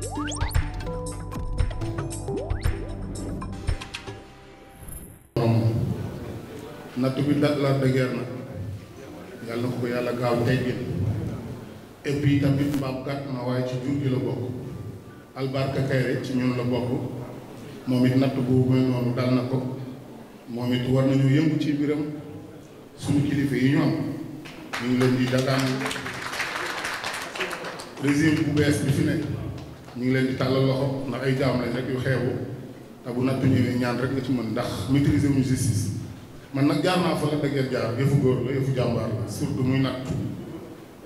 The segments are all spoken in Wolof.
moom natt bi la la dëgër nag yàlla na ko yàlla gaaw teggin et puis tamit mbaam gàtt waaye ci jur gi la bokk albarka kayre ci ñun la bokk moom it natt boobu mel dal na ko moom it war nañu yëngu ci biram suñu kilifa yi ñu am ñu ngi leen di dagaan régime bu bees bi fi nekk ñu ngi leen di tàllal loxo ndax ay jaam lañ rek yu xeebu te bu nattu ñëwee ñaan rek nga ci mën ndax maîtriser wuñu justice man nag jaar naa fa la dëgg jaar yëfu góor la yëfu jàmbaar la surtout muy nattu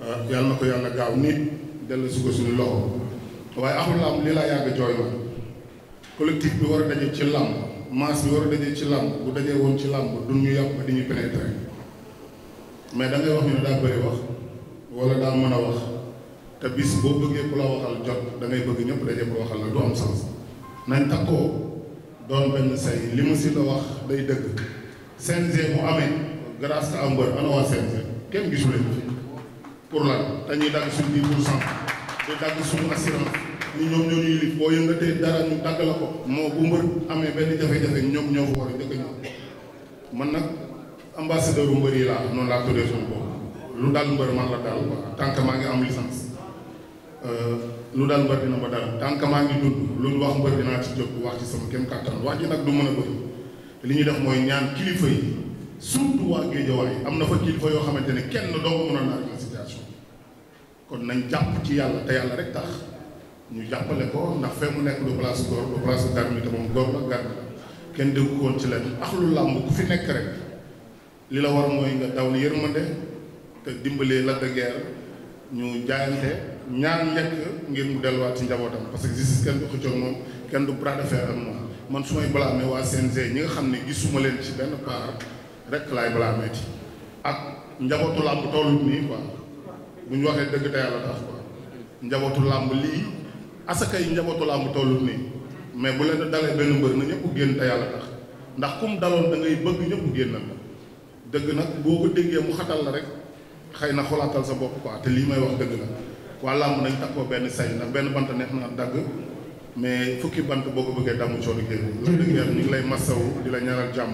ah, yàlla na ko yàlla gaaw nit dellu si ko suñu loxo waaye axul am li laa yàgg jooy ma collectif bi war a daje ci làmb masse bi war a daje ci làmb bu dajee woon ci làmb du ñu yàpp di ñu pénétrer mais da ngay wax ñu ne daa bëri wax wala daa mën a wax te bis boo bëggee ku la waxal jot da ngay bëgg ñëpp daje ko waxal la du am sens nañ takkoo doon benn say li ma si la wax day dëgg CNG mu amee grâce à mbër ana waa CNG kenn gisu leen fi pour lan dañuy dagg suñu pour cent di dagg suñu assurance ni ñoom ñoo ñuy lif boo yëngatee dara ñu dagg la ko moo bu mbër amee benn jafe-jafe ñoom ñoo fa war a njëkk a ñëw man nag ambassadeur mbër yi laa noonu laa tuddee suñu bopp lu dal mbër man la dal quoi tant que maa ngi am Euh, lu dal mbër dina ma dal tant ngi dund lu ñu wax mbër dinaa ci jóg wax ci sama kem kàttan wax ji nag du mën a bëri li ñuy def mooy ñaan kilifa yi surtout waa Géejawaay am na fa kilifa yoo xamante ne kenn doo ko mën a naaj la situation kon nañ jàpp ci yàlla te yàlla rek tax ñu jàppale ko ndax fee mu nekk du place góor du place garmi te moom góor la garmi la kenn dégg ko ci leen ax lu làmb ku fi nekk rek li la war mooy nga daw li yërmande te dimbalee la de ñaan lekk ngir mu delluwaat ci njabootam parce que justice kenn du xëccoo moom kenn du bras de fer ak man su may blâmer waa CNG ñi nga xam ne gisuma leen ci benn part rek laay blâmer ci ak njabootu làmb bu ñu waxee dëgg te yàlla tax quoi njabootu làmb lii asaka yi njabootu làmb tollu nii mais bu leen dalee benn mbër na ñëpp génn te yàlla tax ndax kum daloon da ngay bëgg ñëpp génn dëgg nag boo ko déggee mu xatal la rek xëy na xolaatal sa bopp ko te lii may wax dëgg la waa làmb nañ takkoo benn say ndax benn bant neex na dagg mais fukki bant boo ko bëggee damu coono génn loolu dëgg yàlla ñu jàmm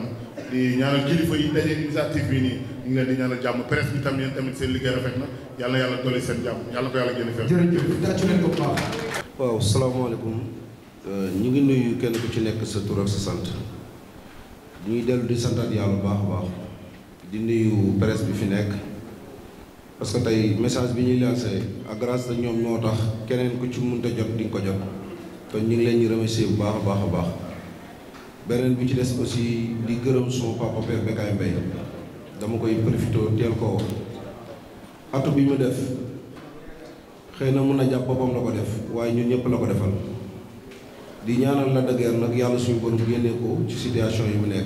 di ñaanal bi ñu ngi leen di ñaanal jàmm presse bi tam yéen tamit seen liggéey yàlla yàlla dolli seen jàmm yàlla ko yàlla salaamaaleykum euh, ñu ngi nuyu kenn ku ci nekk sa tur ak sa sant ñuy dellu di santaat yàlla baax a baax di nuyu presse bi fi nekk parce que tey message bi ñuy lancé ak grâce à ñoom ñoo tax keneen ku ci mënta jot di ko jot kon ñu ngi leen di remercier bu baax a baax a baax beneen bu ci des aussi di gërëm son papa père Bécaye Mbaye dama koy profité teel koo wax bi mu def xëy na mun na jàpp boppam la ko def waaye ñun ñëpp la ko defal di ñaanal la dëgër nag yàlla suñu borom génnee ko ci situation yi mu nekk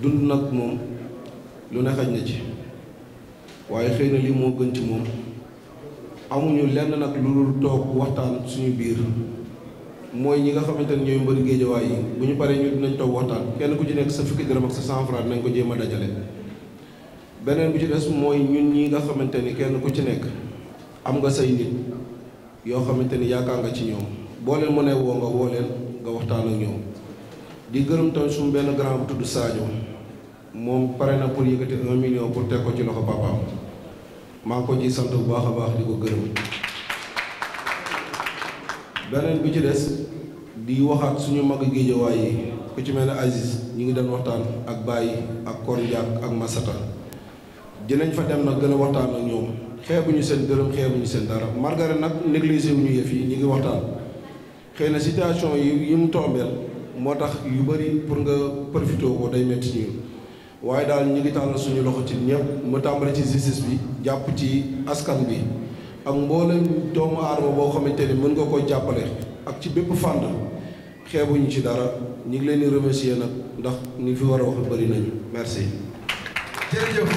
dund nag moom lu ne xaj na ci. waaye xëy na lii moo gën ci moom amuñu lenn nag lu dul toog waxtaan suñu biir mooy ñi nga xamante ne ñooy mbëri géejawaay yi bu ñu paree ñu dinañ toog waxtaan kenn ku ci nekk sa fukki dërëm ak sa cent nañ ko jéem a dajale beneen bu ci des mooy ñun ñi nga xamante ni kenn ku ci nekk am nga say nit yoo xamante ni yaakaar nga ci ñoom boo leen mënee woo nga woo leen nga waxtaan ak ñoom di gërëm tam suñu benn grand bu tudd Sadio moom pare na pour yëkkati un million pour teg ko ci loxo papaam maa ko ci sant bu baax a baax di ko gërëm beneen bi ci des di waxaat suñu mag géejawaay yi ku ci mel ne Aziz ñu ngi doon waxtaan ak Baye ak Kor Ndiak ak Masata dinañ fa dem na gën a waxtaan ak ñoom ñu seen gërëm xeebuñu seen dara Margaret nag négligé wuñu yëf yi ñu ngi waxtaan xëy na situation yi yi mu tombeel moo tax yu bëri pour nga profité ko day métti ñun waaye daal ñu ngi tàllal suñu loxo ci ñëpp mu tàmbali ci justice bi jàpp ci askan bi ak mboolem doomu aadama boo xamante ni mën nga koo jàppale ak ci bépp fànn xeebuñu ci dara ñu ngi leen di remercier nag ndax ni fi war a wax bëri nañu merci. jërëjëf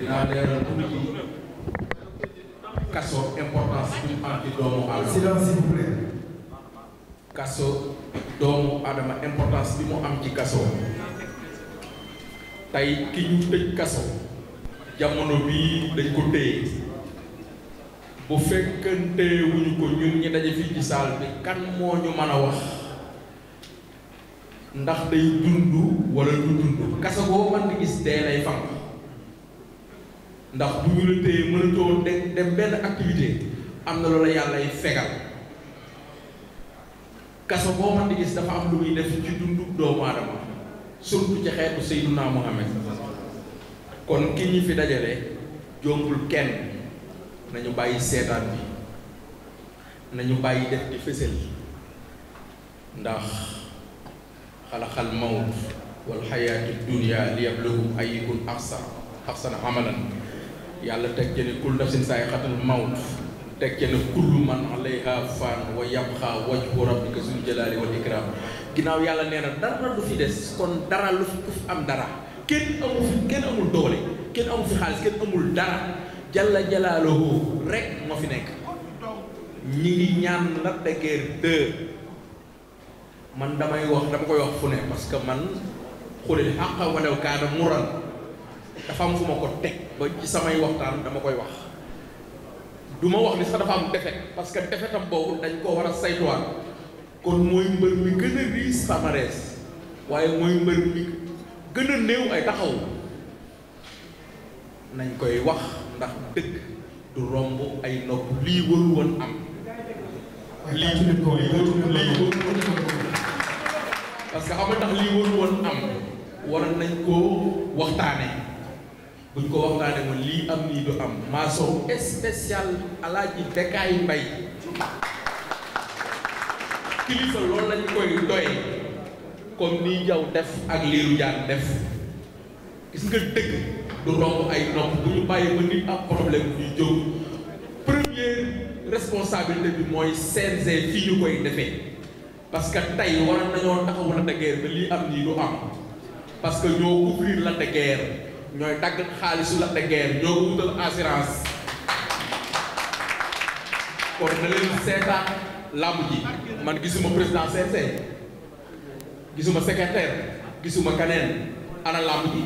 dinaa leeral tuuti kaso importance bi mu am ci kaso tey ki ñu tëj kaso. jamono bii dañ ko téye. bu fekkante ko ñun ñi daje ci saal bi kan moo ñu mën a wax. ndax day dund wala du dund kaso boo mën gis dee lay fang ndax bu ñu la téye mënatoo de dem benn activité am na loola yàlla ay fegal kaso boo mën gis dafa am lu muy def ci dundu doomu aadama surtout ci xeetu Seydina Muhammad kon ki ñi fi dajale jombul kenn nañu bàyyi seetaan bi nañu bàyyi def di fësal ndax xalaxal mawt wal xayaati dunia liyabluhum ayyukum ahsan ahsana amalan yàlla teg ci ne kullu nafsin zaa'iqatul mawt teg ci ne kullu man alayha fan wa yabqa wajhu rabbika zul jalaali wal ikram ginnaaw yàlla nee na dara lu fi des kon dara lu fi ku fi am dara kenn amul fi kenn amul doole kenn amul fi xaalis kenn amul dara jalla jalaaluhu rek moo fi nekk ñi ngi ñaan Lac de Guiers man damay wax dama koy wax fu ne parce que man xulil xàqa walaw kaana muran dafa am fu ma ko teg ba ci samay waxtaan dama koy wax duma wax ni sax dafa am defet parce que defetam boobu dañ koo war a saytuwaat kon mooy mbër mi gën a riis waaye mooy mbër mi gën a néew ay taxaw nañ koy wax ndax dëgg du romb ay nopp lii warul woon am parce que a nga tax lii waru woon am waroon nañ koo waxtaane buñ ko waxtaane woon lii am nii du am maa sow spécial alaaji Bécaye Mbaye kilifa loolu lañ koy doyee comme nii jaw def ak liiru jaan def gis nga dëgg du romb ay nopp bu ñu bàyyi ba nit ak problème bu jóg première responsabilité bi mooy CNG fii ñu koy defee parce que tey waroon nañoo taxawu Lac de lii am nii du am parce que ñoo couvrir Lac de ñooy dagg xaalisu Lac de ñoo wutal assurance kon na leen seetaan làmb ji man gisuma président CNG e, gisuma secrétaire gisuma keneen ana làmb ji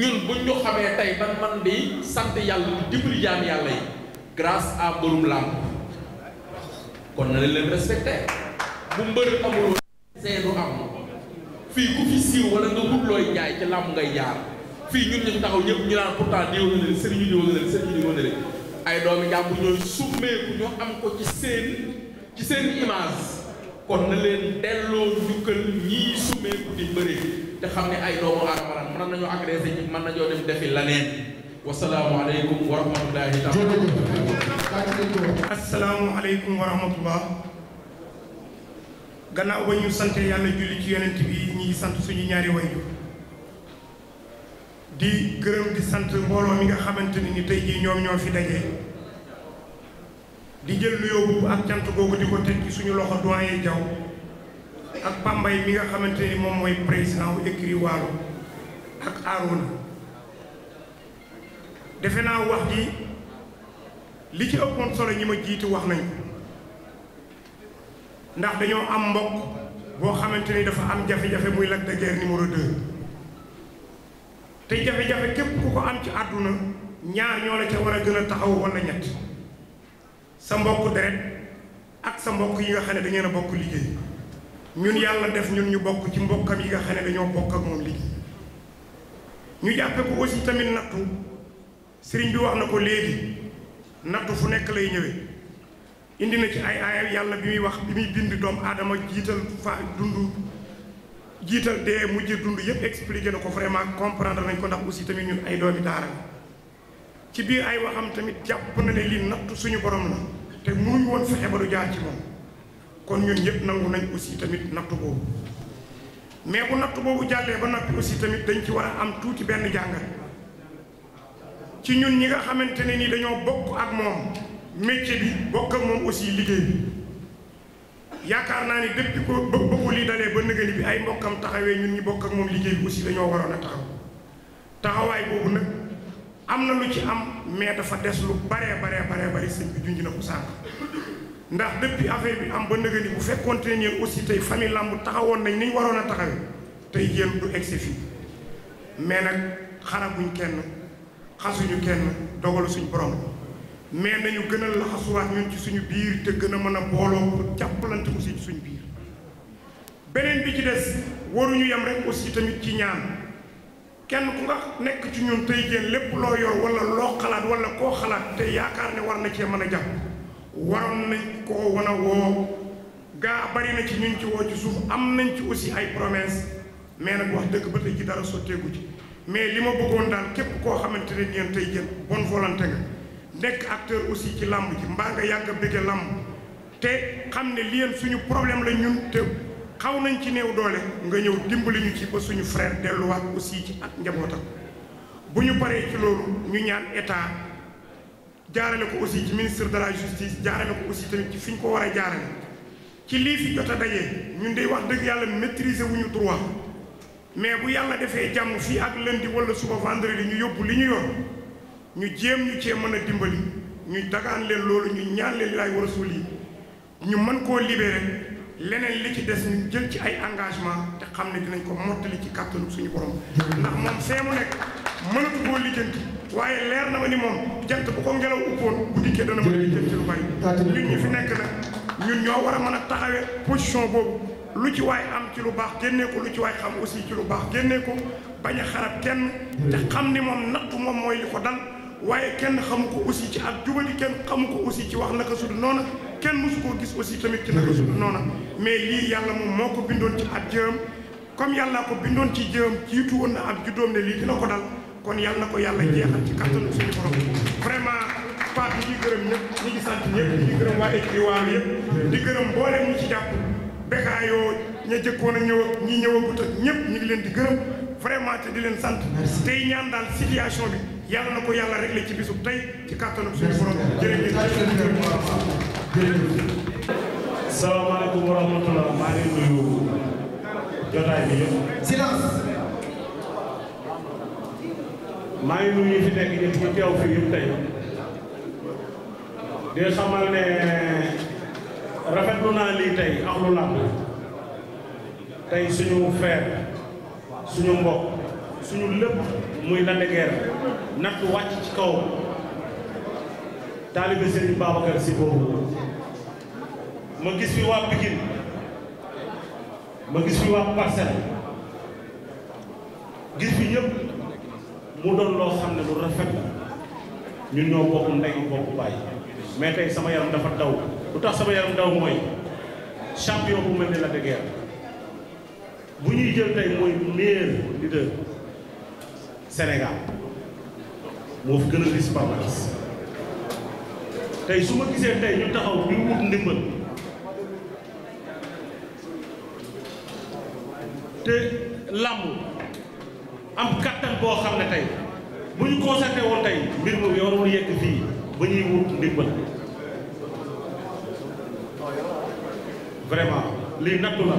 ñun buñ ñu xamee tey ban man di sant yàlla lu dimbali yàlla yi grâce à mbërum làmb kon na leen leen bu mbër amul seenu am fii ku fi siiw wala nga wut looy jaay ci làmb ngay jaar fii ñun ñu taxaw ñëpp ñu naan pourtant diw na leen sëriñu diw na leen sëriñu ay doomi jàmbur ñooy summeeku ñoo am ko ci seen ci seen image kon na leen delloo kël ñii summeeku di bëri te xam ne ay doomu aadama lan mën nañoo agressé ñi mën nañoo dem defi laneen wasalaamualeykum wa rahmatullahi taala asalaamaaleykum wa rahmatullah gannaaw ba ñu sante yàlla julli ci yonent bi ñi ngi sant suñu ñaari wayjur di gërëm di sant mbooloo mi nga xamante ni tey jii ñoom ñoo fi daje di jël nuyoo bu ak cant googu di ko teg ci suñu loxo doyen Diaw ak Pambay mi nga xamante ni moom mooy président wu écrit Waalo ak Arouna defe naa wax ji li ci ëppoon solo ñi ma jiitu wax nañ ndax dañoo am mbokk boo xamante ni dafa am jafe-jafe muy Lac de Guiers numéro 2 te jafe-jafe képp ku ko am ci àdduna ñaar ñoo la ca war a gën a taxaw walla ñett sa mbokk deret ak sa mbokk yi nga xam ne da a bokk liggéey ñun yàlla def ñun ñu bokk ci mbokkam yi nga xam ne dañoo bokk ak moom liggéey ñu jàppe ko aussi tamit nattu sëriñ bi wax na ko léegi nattu fu nekk lay ñëwee indi na ci ay aaya yàlla bi muy wax bi muy bind doom aadama jiital faa dund jiital dee mujj dund yëpp expliqué na ko vraiment comprendre nañ ko ndax aussi tamit ñun ay doomi daara ci biir ay waxam tamit jàpp na ne lii nattu suñu borom la te mënuñ woon fexe ba jaar ci moom kon ñun ñëpp nangu nañ aussi tamit nattu boobu mais bu nattu boobu jàllee ba noppi aussi tamit dañ ci war a am tuuti benn jàngat ci ñun ñi nga xamante ne ni dañoo bokk ak moo métier bi bokk ak moom aussi liggéey bi yaakaar naa ni depuis ko ba ko lii dalee ba nëgëni bi ay mbokkam taxawee ñun ñi bokk ak moom liggéey bi aussi dañoo waroon a taxaw taxawaay boobu nag am na lu ci am mais dafa des lu baree baree baree bari sëñ bi junj na ko affaire bi am ba nëgëni bu fekkoonte ne aussi tey famille làmb taxawoon nañ ni waroon a taxawee tey yéen du egsi fii mais nag xaraguñ kenn xasuñu kenn dogalu suñ borom. mais nañu gën a laxasuwaat ñun ci suñu biir te gën a mën a booloo pour jàppalante aussi ci suñu biir beneen bi ci des waruñu yem rek aussi tamit ci ñaan kenn ku nga nekk ci ñun tey jéen lépp loo yor wala loo xalaat wala koo xalaat te yaakaar ne war na cee mën a jàpp waroon nañ koo wan a woo gaa bari na ci ñun ci woo ci suuf am nañ ci aussi ay promesse mais nag wax dëgg ba tey ci dara sotteegu ci mais li ma bëggoon daal képp koo xamante ne ñeen tey jéen bonne volonté nekk acteur aussi ci làmb ji mbaa nga yàgg a bëgge làmb te xam ne li yéen suñu problème la ñun te xaw nañ ci new doole nga ñëw dimbali ñu ci ba suñu frère delluwaat aussi ci ak njabootam bu ñu paree ci ñu ñaan état jaarale ko aussi ci ministre de la justice jaarale ko aussi tamit ci fi ko war a jaarale ci lii fi jot a dajee ñun de wax dëgg yàlla wu ñu droit mais bu yàlla defee jàmm fii ak lundi wala suba vendredi ñu yóbbu li ñu yor ñu jéem ñu cee mën a dimbali ñu dagaan leen loolu ñu ñaan leen laay war a suul ñu mën koo libéré leneen li ci des ñu jël ci ay engagement te xam ne dinañ ko mottali ci kàttanu suñu borom ndax moom fee mu nekk mënatu koo waaye leer na ma ni moom jant bu ko ngelaw uppoon bu dikkee dana ñu fi nekk nag ñun war a mën a taxawe position boobu lu ci waay am ci lu baax génnee ko lu ci waay xam aussi ci lu baax génnee ko bañ a xarab xam ni moom nattu mooy li ko dan waaye kenn xamu ko aussi ci ak jubali kenn xamu ko aussi ci wax naka sudu noona kenn mosu koo gis aussi tamit ci naka sudu noona mais lii yàlla moom moo ko bindoon ci ab jëm comme yàlla ko bindoon ci jëm ci woon na ab juddoom ne lii dina ko dal kon yàlla na ko yàlla jeexal ci kattanu suñu borom vraiment Pape ñi ngi gërëm ñëpp ñi ngi sant ñëpp ñi waa écri di gërëm mboolem ñi ci jàpp bekaayoo ña jëkkoon a ñëw ñi ñëwagut ak ñëpp ñi ngi leen di gërëm vraiment di leen sant tey daal situation bi yàlla na ko yàlla rek ci bisu tey ci kàttanam suñu borom jërëjëf jërëjëf salaamaaleykum wa rahmatulah maa ngi nuyu jotaay bi yëpp. silence. maa ngi nuyu fi nekk ñëpp ñu fii yëpp tey di xamal ne rafetlu naa lii tey ak lu làmb tey suñu feer suñu mbokk suñu lépp. muy Lac de Guiers nattu wàcc ci kaw taalibe Serigne Babacar Sy boobu ma gis fi waa Pikine ma gis fi waa Parcelles gis bi ñëpp mu doon loo xam ne lu rafet la ñun ñoo bokk ndey bokk bàyyi mais tey sama yaram dafa daw lu tax sama yaram daw mooy champion bu mel ne Lac de bu ñuy jël tey mooy meilleur leader Sénégal moo fi gën a riche palmarès tey su ma gisee tey ñu taxaw ñu wut ndimbal te làmb am kattan boo xam ne tey bu ñu concerté tey mbir mu yorul yegg fii ba ñuy wut ndimbal vraiment lii nattu la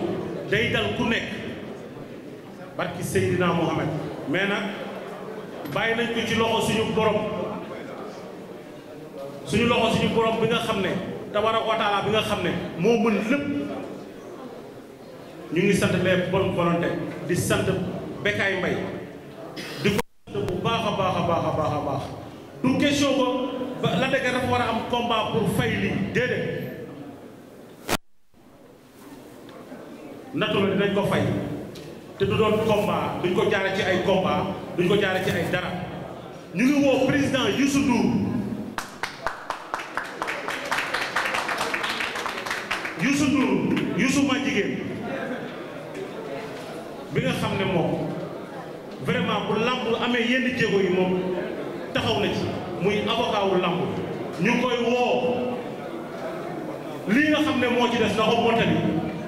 day dal ku nekk barki Seydina Mohamed mais nag bàyyi nañ ko ci loxo suñu borom suñu loxo suñu borom bi nga xam ne tabaraka a taala bi nga xam ne moo mën lépp ñu ngi sant les bonnes volontés di sant Bécaye Mbaye di ko sant bu baax a baax a baax a baax a baax du question ba la dëgg dafa war a am combat pour fay lii déedéet nattu la dinañ ko fay te du doon combat duñ ko jaare ci ay combat duñ ko jaare ci ay dara ñu ngi woo président Youssou Ndour Youssou ma jigéen bi nga xam ne moom vraiment bu làmb amee yenn jéego yi moom taxaw na ci muy avocat wu ñu ngi koy woo li nga xam ne moo ci des na ko mottali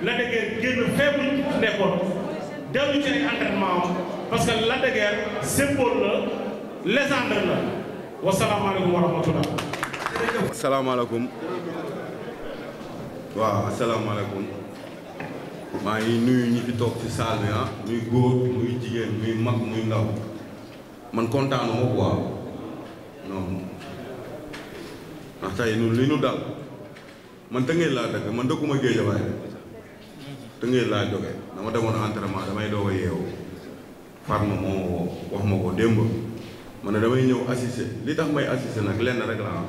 la déggee génn faible nekkoon dellu ci ay entraînement am parce que la légende la wasalaamaaleykum wa rahmatulah. salaamaaleykum. waaw asalaamaaleykum. maa ngi nuyu ñi fi toog ci salle bi ah muy góor muy jigéen muy mag muy ndaw man kontaanu ma quoi non ndax tey ñun li ñu dal man Tëngéej laa dëkk man dëkkuma Géejawaay Tëngéej laa jógee dama demoon entraînement damay doog a Fatma moo wax ma ko démb ma ne damay ñëw assisté li tax may assisté nag lenn rek la am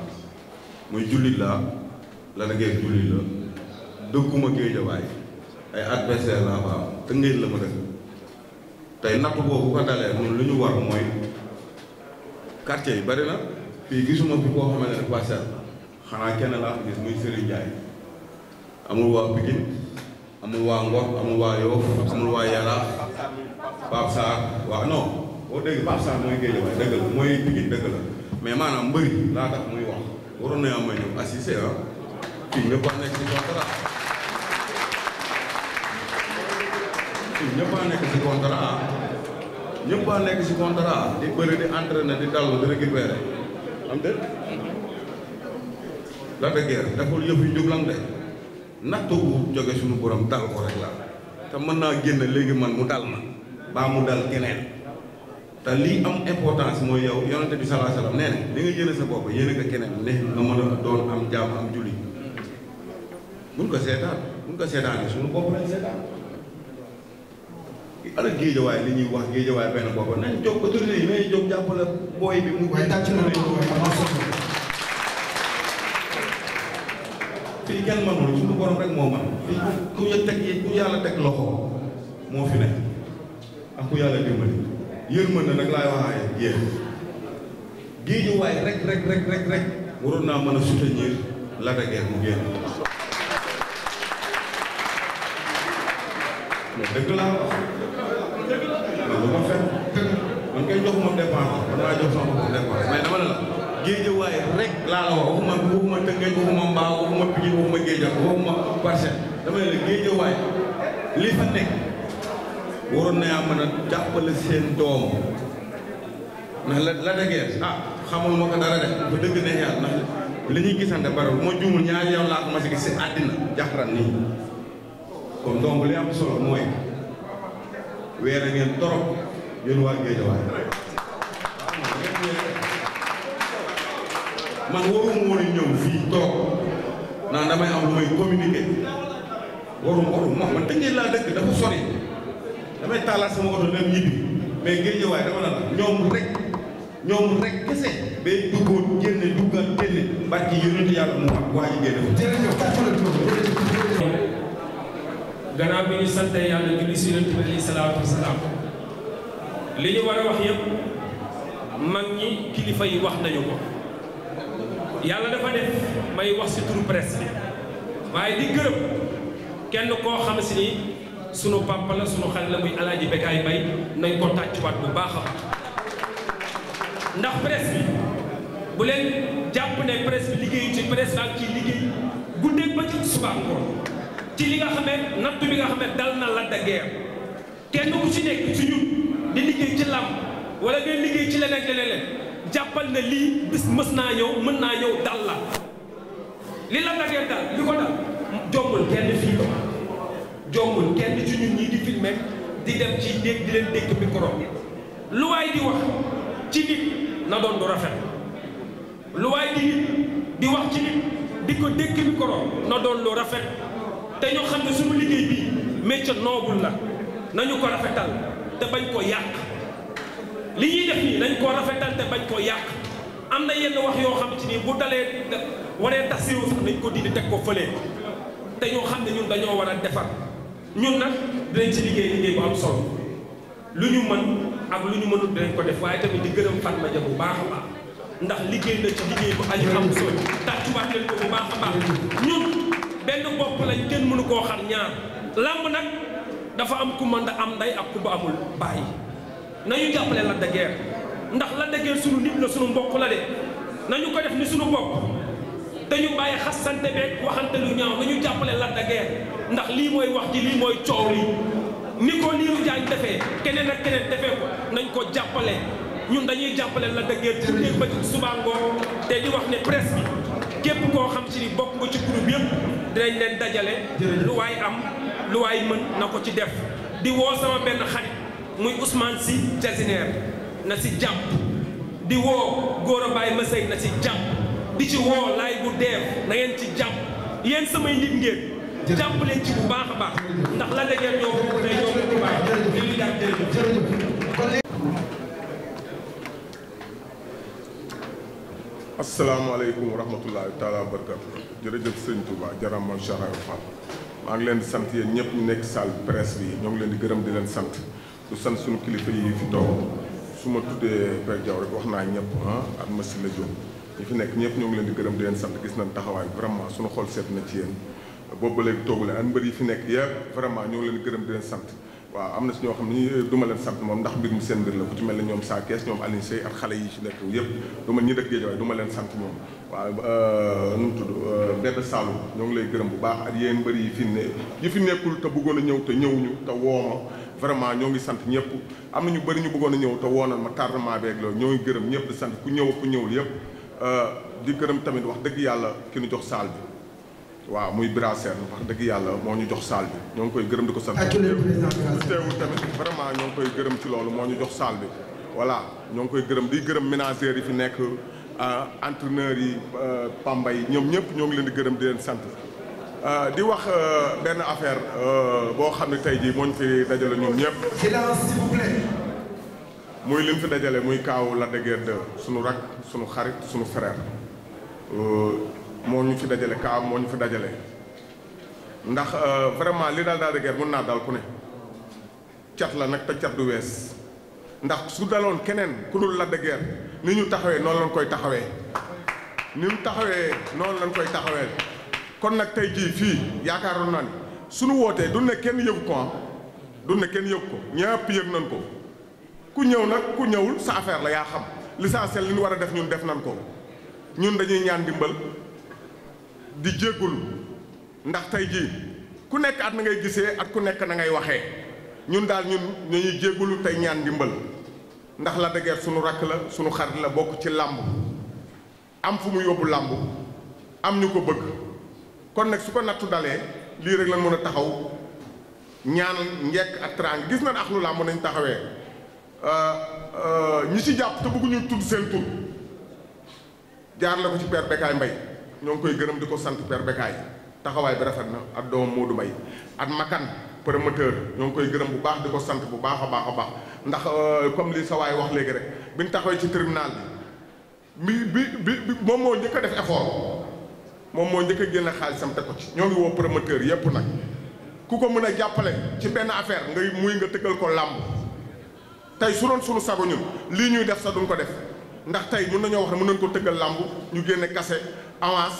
muy jullit laa la na jullit la dëkkuma Géejawaay ay adversaire laa fa am te la ma def tey natt boobu ko dalee ñun lu ñu war mooy quartier yi bari na fii gisuma fi koo xamante ne parcelle xanaa kenn laa fi gis muy Serigne Ndiaye amul waa Pikine amul waa Ngor amul waa Yoff amul waa Yaraax Pape Sarr waaw non boo dégg Pape Sarr mooy géej waaye dëgg la mooy Pikine dëgg la mais maanaam mbëri laa tax muy wax waroon na ma ñëw assisté ah fii ñëpp a nekk ci contrat fii ñëpp nekk ci contrat ñëpp di bëri di entraîné di dallu di récupéré am déet la de deful yëf yu jublam de nattu bu jóge suñu borom dal ko rek la te mën naa génn léegi man mu dal ma baa mu dal keneen te lii am importance mooy yow yonente bi salaa nee na nga yéene sa bopp yéene keneen ne nga mën a doon am jaam am julli buñ ko seetaan buñ ko seetaanee suñu bopp lañ seetaan ala géejawaay li ñuy wax géejawaay benn bopp jàppale booy bi mu waaye tàcc na lañ ko waaye amaa soxla fii kenn mënul suñu rek moo man fii ku ñu ku yàlla teg loxo moo fi nekk ak ku yàlla dimbali yërmande nag laay waxaaye yéen géejuwaay rek rek rek rek rek naa mën a soutenir la da mu génn dëgg laa wax man lu ma ma dépense man dama ne la géejawaay rek laa la wax waxuma waxuma Tëngéej waxuma Mbao waxuma Pikine waxuma géeja waxuma parcelle dama ne la géejawaay li fa nekk waroon naa mën a jàppale seen doom ndax la la dëggee ah xamul ma ko dara de bu dëgg ne yàlla ndax li ñuy gisante bari bu ma juumul ñaari yow laa ko ma si gis si àddina jaxaran nii kon donc li am solo mooy weer a ngeen torop yéen waa Géejawaay man waruma woon ñëw fii toog laa dëkk dafa sori damay taalaat sama oto dem ñibbi mais géejewaay dama na la ñoom rek ñoom rek kese day duggoon génne duggaat génne barki yonent yàlla mu wax waa ji gannaaw bi ñu sant yàlla julli si yonent bi alayhi salaatu wasalaam li ñu war a wax yëpp mag ñi kilifa yi wax nañu ko yàlla dafa def may wax si turu bi waaye di gërëm kenn koo xam si ni. sunu papa la sunu xale la muy alaaji Bécaye Mbaye nañ ko tàccuwaat bu baax ndax presse bi bu leen jàpp ne presse bi liggéeyu ci presse daal ci liggéey guddeeg ba ci suba ngoon ci li nga xamee nattu bi nga xamee dal na la da kenn ku ci nekk di liggéey ci làmb wala ngay liggéey ci leneen leneen jàppal na lii bis mës naa ñëw mën naa ñëw dal la li la da li ko dal jombul kenn fii ko jombul kenn ci ñun ñii di filmer di dem ci dégg di leen dégg micro lu waay di wax ci nit na doon du rafet lu waay di nit di wax ci nit di ko dégg micro na doon lu rafet te ñoo xam ne suñu liggéey bi métier noble la nañu ko rafetal te bañ koo yàq li ñuy def nii nañ koo rafetal te bañ koo yàq am na yenn wax yoo xam ci nii bu dalee waree tas sax nañ ko dindi teg ko fële te ñoo xam ne ñun dañoo war a defar ñun nag dinañ liggéey liggéey bu am solo lu ñu mën ak lu ñu mënul dinañ ko def waaye tamit di gërëm Fatma Dia bu baax baax ndax liggéey na ci liggéey bu aju am solo tàccuwaat leen ko bu baax a baax ñun benn bopp lañ kenn mënu koo xam ñaar làmb nag dafa am ku mën a am nday ak ku ba amul bàyyi nañu jàppale Lac de Guiers ndax Lac de sunu nit la sunu mbokk la de nañu ko def ni sunu bopp dañu bàyyi xasante beeg waxante lu ñaaw nañu jàppale Lac de Guiers ndax lii mooy wax ji lii mooy coow li ni ko Lirou Diane defee keneen ak keneen defee ko nañ ko jàppale ñun dañuy jàppale Lac de Guiers ci léegi ba ci ngoon te di wax ne presse bi képp koo xam ci ni bokk nga ci groupe yëpp dinañ leen dajale lu waay am lu waay mën na ko ci def di woo sama benn xarit muy Ousmane Sy Jasineer na si jàpp di woo góor a ma sëy na si jàpp di ci woo laay bu deef na ci jàpp yéen samay nit ngeen jàpp leen ci bu baax baax ndax la dëgër ñoo ko ko ngi leen di sant yéen ñëpp nekk salle presse bi ñoo ngi leen di gërëm di leen sant du sant suñu kilifa yi fi toog su ma tuddee Père Diaw rek wax naa ñëpp ah ak la Diop ñi fi nekk ñëpp ñoo ngi leen di gërëm di leen sant gis nañ taxawaay vraiment suñu xol seet na ci yéen boobu léegi toogu leen mbër yi fi nekk yëpp vraiment ñoo ngi leen di gërëm di sant waaw am na si ñoo xam ne eh, du ma leen sant moom ndax mbir mi seen mbir la ku ne ñoom saa kees ñoom Alioune Seye ak xale yi ci nekk yëpp sant ñoom waaw euh, nu mu tudd euh, Bébé Saloum ñoo ngi lay gërëm bu baax ak yéen mbër yi fi ne yi fi nekkul te bëggoon a ñëw te ñëwuñu te wooma vraiment ñoo ngi sant ñëpp am na ñu bëri ñu bëggoon a ñëw te woonan ma tardement beeg loolu ñoo ngi gërëm ñëpp di sant ku ñëw ku ñëwul yëpp Euh, di gërëm tamit wax dëgg yàlla ki nu jox saal bi waaw muy Bira Sène wax dëgg yàlla moo ñu jox saal bi ñoo ngi koy gërëm di ko sant teewul vraiment ñoo ngi koy gërëm ci loolu moo ñu jox saal bi voilà ñoo ngi koy gërëm di gërëm ménagères yi fi nekk euh, entraîneurs yi euh, Pambay ñoom ñëpp ñoo ngi leen di gërëm di leen sant di wax benn affaire boo xam ne tey jii moo ñu fi dajale ñoom ñëpp. muy lim fi dajale muy kaaw Lac de Guiers 2 sunu rak sunu xarit sunu frère euh, moo ñu fi dajale kaaw moo ñu fi dajale ndax euh, vraiment li daal Lac de Guiers naa daal ku ne cat la nag te cat du wees ndax su daloon keneen ku dul Lac de ni ñu taxawee noonu lañ koy taxawee ni mu taxawee noonu lañ koy taxawee kon nag tey jii fii noon naa ni sunu wootee du ne kenn yëg ko du ne kenn yëg ko ñëpp yëg nañ ko ku ñëw nag ku ñëwul sa affaire la yaa xam l'essentiel li ñu war a def ñun def nan ko ñun dañuy ñaan dimbal di jéggulu ndax tey jii ku nekk at na ngay gisee at ku nekk na ngay waxee ñun daal ñun dañuy jéggulu tey ñaan dimbal ndax la dëgër suñu rakk la suñu xarit la bokk ci làmb am fu mu yóbbu làmb am ñu ko bëgg kon nag su ko nattu dalee lii rek lan mën a taxaw ñaan njekk ak trang gis nañ ak lu làmb nañ taxawee Euh, euh, ñi ci jàpp te ñu tudd seen tur jaar la ko ci per Bécaye mbay ñoo ngi koy gërëm di ko sant Père Bécaye taxawaay bi rafet na ak doomam Modou Mbaye ak Makan promoteur ñoo ngi koy gërëm bu baax di ko sant bu baax a baax a baax ndax euh, comme li sa wax léegi rek bi taxawee ci tribunal bi bi bi bi moom moo njëkk a def effort moom moo njëkk a génn xaalisam te ko ci ñoo ngi woo promoteur yépp nag ku ko mën a jàppale ci benn affaire ngay muy nga tëggal ko làmb tey su doon sunu sago lii ñuy def sax duñ ko def ndax tey mun nañoo wax ne mën nañ ko tëggal làmb ñu génne kase avance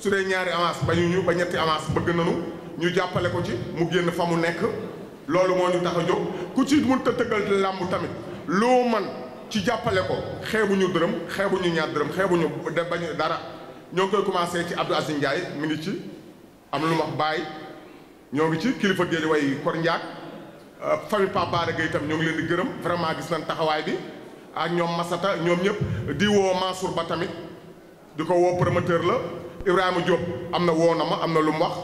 su dee ñaari avance ba ñu ñu ba ñetti avance bëgg nañu ñu jàppale ko ci mu génn fa mu nekk loolu moo ñu tax ku ci mën ta tëggal làmb tamit loo man ci jàppale ko xeebuñu dërëm ñu ñaar dërëm xeebuñu de bañu dara ñoo ngi koy commencé ci Abdou Aziz Ndiaye mi ngi ci am lu ma wax ñoo ngi ci kilifa géej way Kor Ndiak Euh, famille Pape Bara itam ñoo ngi leen di gërëm vraiment gis nañ taxawaay bi ak ñoom Masata ñoom ñëpp di woo Mansour Ba tamit di ko woo promoteur la Ibrahima Diop am na woo na ma am na lu mu wax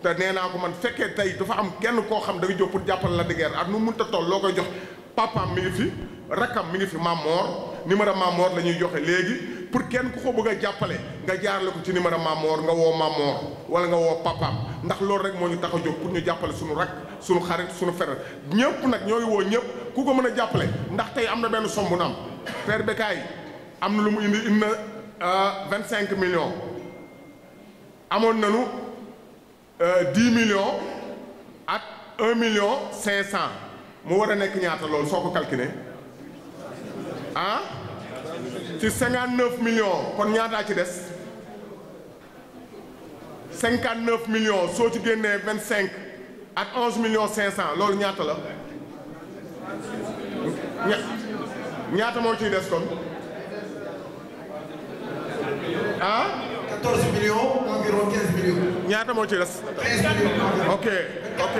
te nee naa ko man fekkee tey dafa am kenn koo xam da nga jóg pour jàppal la de guerre ak nu mun ta toll loo koy jox papaam mi ngi fi rakkam mi ngi fi Mamor numéro Mamor la ñuy joxe léegi pour kenn ku ko bëgg a jàppale nga jaarale ko ci numéro Mamor nga woo Mamor wala nga woo papaam ndax loolu rek moo ñu tax a jóg pour ñu jàppale suñu rak suñu xarit suñu frère ñëpp nag ñoo ngi woo ñëpp ku ko mën a jàppale ndax tey am na benn somb na am père Bécaye am na lu mu indi indi na euh, vingt cinq millions amoon nañu euh, dix millions ak un million cinq cent mu war a nekk ñaata loolu soo ko calculé ah ci cinquante neuf millions kon ñaataa ci des cinquante neuf millions soo ci génnee vingt cinq ak onze millions cinq cent loolu ñaata la ñaata moo ciy des kon ah. ñaata moo ci des. ok ok.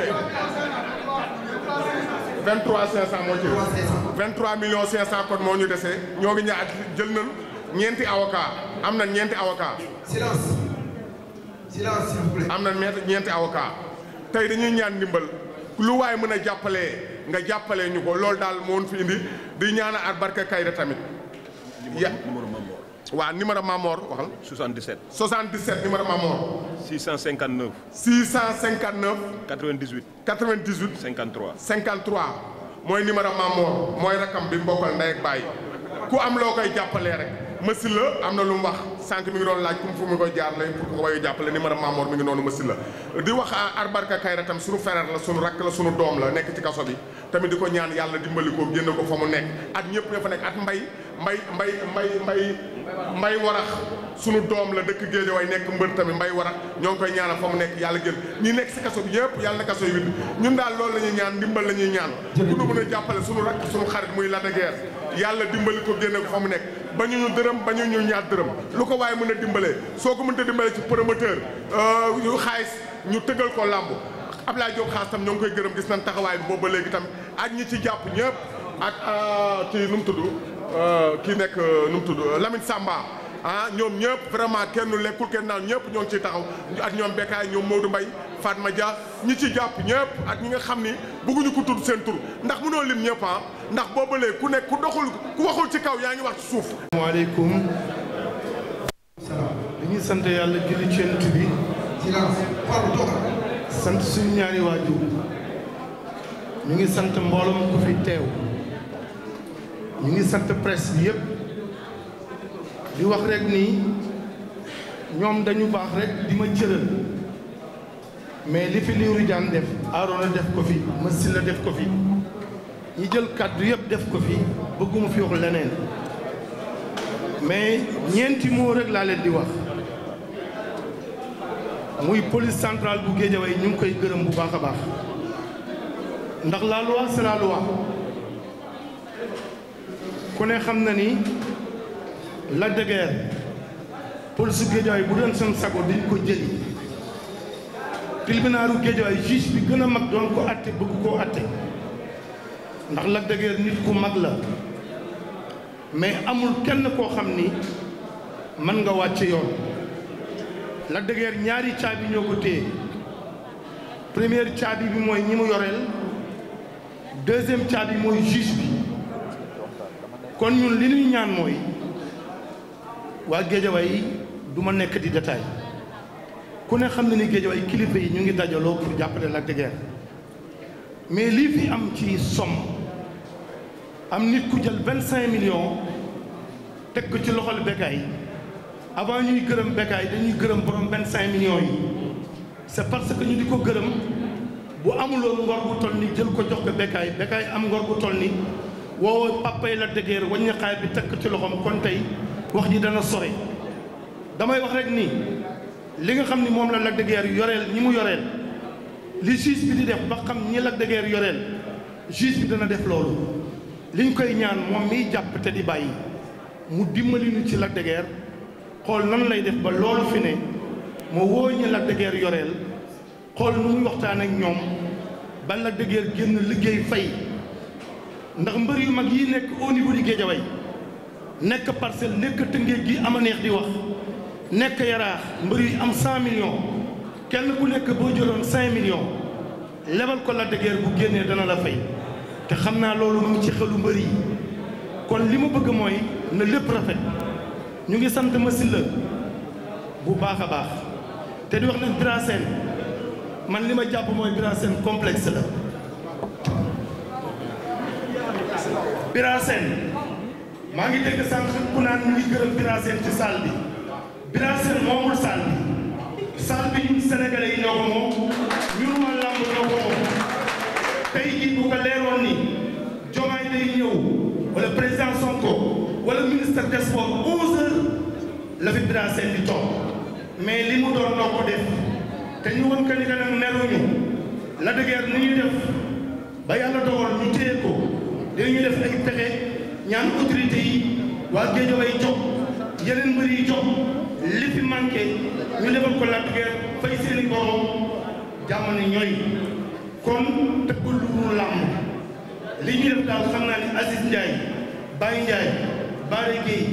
23 500 moo ci des. 23 millions 500 kon moo ñu dese ñoo ngi ñaar jël nañ ñeenti avocat am na ñeenti avocat. silence silence s'il vous am na ñeenti avocat tey dañuy ñaan ndimbal lu waay mën a jàppalee. nga jàppale ñu ko loolu daal moo fi indi di ñaana at barka kayre tamit ya waa numéro Mamor waxal. 77. 77 numéro Mamor. 659. 659. 98. 98. 53. 53 mooy numéro Mamor mooy rakam bi mbokkal ndey ak bàyyi ku am loo koy jàppalee rek mësi am na lu mu wax sànq mi ngi doon laaj kum fu mu koy jaarale pour ko koy jàppale numéro Mamor mi ngi noonu mësi la. di wax Arbarka Kayra tam sunu frère la sunu rakk la su sunu doom la nekk ci kaso bi tamit di ko ñaan yàlla dimbali ko génn ko fa mu nekk at ñëpp ña fa nekk at mbay mbay mbay mbay. mbay warax sunu doom la dëkk Géejawaay nekk mbër tamit mbay warax ñoo ngi koy ñaanal fa mu nekk yàlla gën ñi nekk si kaso bi yëpp yàlla na kaso yi witt ñun daal loolu la ñuy ñaan ndimbal la ñuy ñaan ku nu mën a jàppale sunu rakk sunu xarit muy Lac de Guiers yàlla dimbali ko génne ko fa mu nekk bañu ñu dërëm bañu ñu ñaar dërëm lu ko waaye mën a dimbalee soo ko mënta dimbalee ci promoteur euh, yu xaalis ñu tëggal ko làmb Ablaye Diop xaas tam ñoo ngi koy gërëm gis nañ taxawaay bi ba léegi tamit ak ñi ci jàpp ñëpp ak euh, ci nu mu tudd Euh, kii nekk euh, nu mu tudd euh, lamit Samba ah, ñoom ñëpp vraiment kenn lekkul kenn naan ñëpp ñoo ngi ciy taxaw ak ñoom Bekkaay ñoom Modou faat ma Dia ñi ci jàpp ñëpp ak ñi nga xam ni bëgguñu ko tudd seen tur ndax mënoo lim ñëpp ah ndax boo bëlee ku nekk ku doxul ku waxul ci kaw yaa ngi wax ci suuf. asalaamaaleykum. dañuy sant yàlla julli ci Yonent bi. ci sant suñu ñaari waajur ñu ngi sant mbooloom ku fi teew. ñu ngi sant presse bi yëpp di wax rek nii ñoom dañu baax rek di ma cëral mais li fi Lirou Diane def Arona def ko fi Massila def ko fi ñi jël kàddu yëpp def ko fi bëgguma fi wax leneen mais ñeenti moo rek laa leen di wax muy police centrale bu Guédiawaye ñu ngi koy gërëm bu baax a baax ndax la loi c'est la ku xam na ni Lac de Guiers polisu Guédiawaye bu doon seen sago dañ ko jëli tribunaalu Guédiawaye juge bi gën a mag doon ko atte bëgg koo atte ndax Lac de nit ku mag la mais amul kenn koo xam ni mën nga wàcce yoon Lac de ñaari caabi ñoo ko téye première caabi bi mooy ñi mu yoreel deuxième caabi mooy juge bi kon ñun li ñuy ñaan mooy waa géejawaay duma nekk di détail ku ne xam ne ni géejawaay kilifa yi ñu ngi dajaloo pour jàppale Lac de Guiers mais lii fi am ci somme am nit ku jël vingt cinq millions teg ko ci loxol Bécaye avant ñuy gërëm Bécaye dañuy gërëm borom vingt cinq millions yi c'est parce que ñu di ko gërëm bu amuloo ngor bu toll ni jël ko jox ko Bécaye bekkaay am ngor bu toll ni woo papay la dëgër wañ ñaxaay bi takk ci loxoom kon tey wax ji dana sore damay wax rek nii li nga xam ni moom la Lac de Guiers yoreel ñi mu yoreel li juge bi di def ba xam ñi la de yoreel juge bi dana def loolu liñ koy ñaan moom miy jàpp te di bàyyi mu dimbali ñu ci Lac de xool nan lay def ba loolu fi ne mu woo ñi Lac yoreel xool nu muy waxtaan ak ñoom ba la de Guiers génn liggéey fay ndax mbër yu mag yi nekk au niveau du Guédiawaye nekk parcelle nekk tëngéej gi ama neex di wax nekk yaraax mbër yu am 100 millions kenn ku nekk boo jëloon 5 millions lebal ko la de bu génnee dana la fay te xam naa loolu mu ci xelu mbër yi kon li ma bëgg mooy na lépp rafet ñu ngi sant ma silla bu baax a baax te di wax ne Bira man li ma jàpp mooy Bira Sène complexe la Bira maa ngi dégg sànq ku naan ñu ngi gërëm Bira Sène ci salle bi Bira Sène moomul salle bi salle bi ñun sénégalais yi ñoo ko moom ko moom tey jii bu ko leeroon ni Diomaye la fi toog mais li mu doon noo ko def te ñu won que ni que nag neruñu la dëgër ni ñuy def ba yàlla dogal ñu téye ko. dinañu def ay pexe ñaan autorité yi waa Guédiawaye jox yeneen mbër yi jox li fi manqué ñu defal ko Lac de Guiers fay seeni borom jamono ñooy kon tëgg lu làmb li ñu def daal xam naa ne Aziz Ndiaye Baye Ndiaye Bare Gueye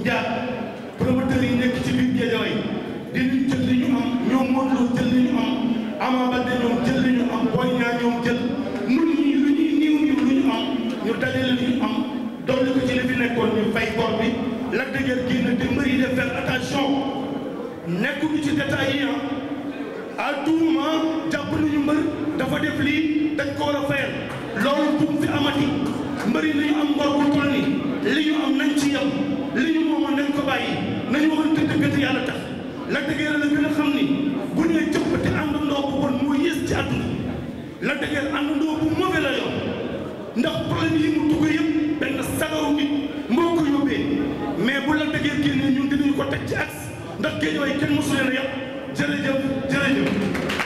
Ndiaye promoteur yi nekk ci biir Guédiawaye dinañ jël li ñu am ñoom Modou jël li ñu am Ama Baldé ñoom jël li ñu am Boy Niang ñoom jël dolli ko ci li fi nekkoon ñu fay bor bi la dëgër génn te mbër yi de faire attention nekkuñu ci détails yi ah. à tout moment jàpp nañu mbër dafa def lii dañ ko war a fayal loolu bu mu fi amati mbër yi nañu am ngor bu toll nii li ñu am nañ ci yem li ñu moomoon nañ ko bàyyi nañu waxante dëgg te yàlla tax la dëgër la gën a ci àdduna la dëgër àndandoo bu mauvais la yow ndax problème yi mu dugg yëpp. benn sagaru nit moo ko mais bu la dëggee génnee ñun dinañu ko teg ci axe ndax géej waay kenn mosu leen a yàq jërëjëf jërëjëf